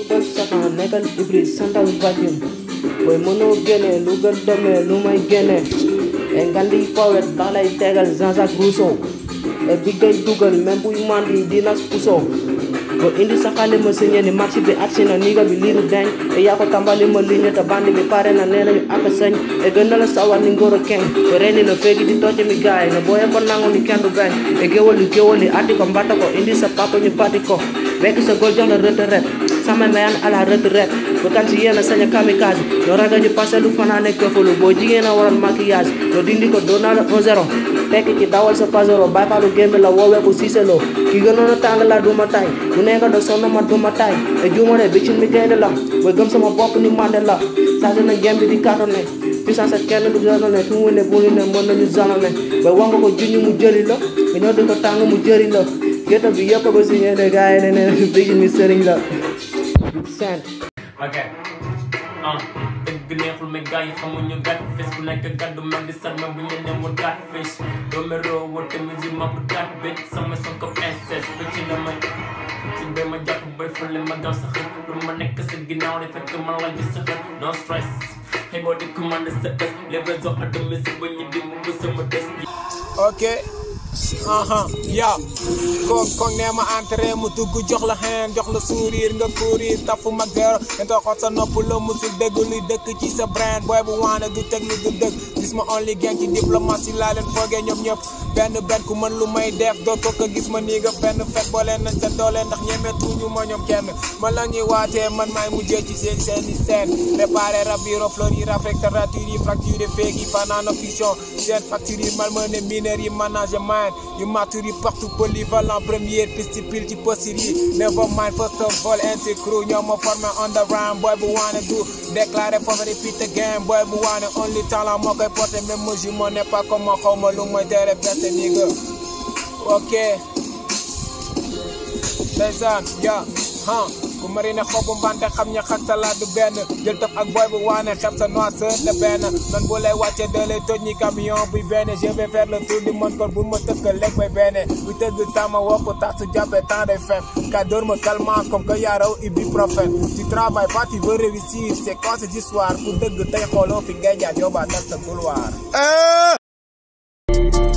lugal saka nagal ibri sandal vadim boy mono gene lugal dame lumay gene e di power dalay tegal jean-jacques e biggay dugal mandi dinas puso bo indi sakale ma ni marché bi arsi na niga bi liru dañ e ya tambali ma ligne ta bandi bi pare na neela mi ak señ e gëna la sawal ni ngoro ken e reni na fegi di toti mi gaay na boye ko nangu ni kendu gañ e gewoli gewoli ati ko mbata ko indi sa papa ñu pati ko sa kame leyan ala red bukan si yena saña kamikaze no ragaji passé lu fanane kefulu bo jigéen a waral maquillage no dindi ko donala 1 zero teki ki dawal sa zero bay falu gembe la wowe ko lo ki na tang la duma tay mu ne nga do ma duma tay e jumone bicin mi gaynde la boy gëm sama bop ni mande la sa na gembe di carone puissance sa kenn du jëlone fu mu ne bu ne ni nañu jëlone boy wango ko juñu mu jeri la ñoo di ko tang mu jëri la gëta bi yëpp ko si ñëne gaay ne ne bicin mi sëriñ up. Send. Okay. Uh gneexul mais gars yi xamuñu gàtt fes ku nekk gàddu mel di sarme bu ñu ne mu gàtt fes doomi roo wate musima bu gàtt bét sama son ko princesse fecc la ma si bay ma jàpp bay fële ma gaaw sa xët lu ma nekk sa ginnaaw di fekk man la gis sa xët no stress xëy boo di commandé sa es les raisons à domicile ba ñu dimb ba sama des ok aha yow koog koog nee ma entré mu dugg jox la xeen jox la sourire nga courir tafu mag zéro nga toog sa nopp la musul dëgg luy dëkk ci sa brain booy bu waane du technique du dëgg gis ma only gang ci diplomatie laa leen foogee ñoom ñëpp benn benn ku mën lu may def doo ko ko gis ma nii nga fenn fekk boo leen nañ seen doole ndax ñeme tuuñu ma ñoom kenn ma la waatee man maay mujjee ci seen seen i seen préparé rab yi rofleur yi rafet yi fracture yi mind. You maturi partout polyvalent, première piste pile qui possible. Never mind, first of all, NC crew. Yo, mon former on the rhyme, boy, we wanna do. Déclaré for me repeat again, boy, we wanna only talent, moi, que porte, même moi, je m'en pas comme moi homme, l'homme, moi, t'es répété, nigga. Ok. ça yeah, huh. ku marine xobu mbante xam ña xak sa laadu benn jël taf ak boy bu waane xeb sa noir seur benn man bu lay wàcce da lay toj ñi camion buy benn je vais faire le tour du monde kon bu ma tëkka lekk bay benn bu tëdd tama wopp tax su jàppee temps day fem ka dóor ma calmant comme que yaaraw ibuprofène tu travailles pas tu veux réussir c'est quand c'est dëgg tey xooloo fi ngay jaar yow sa couloir ah!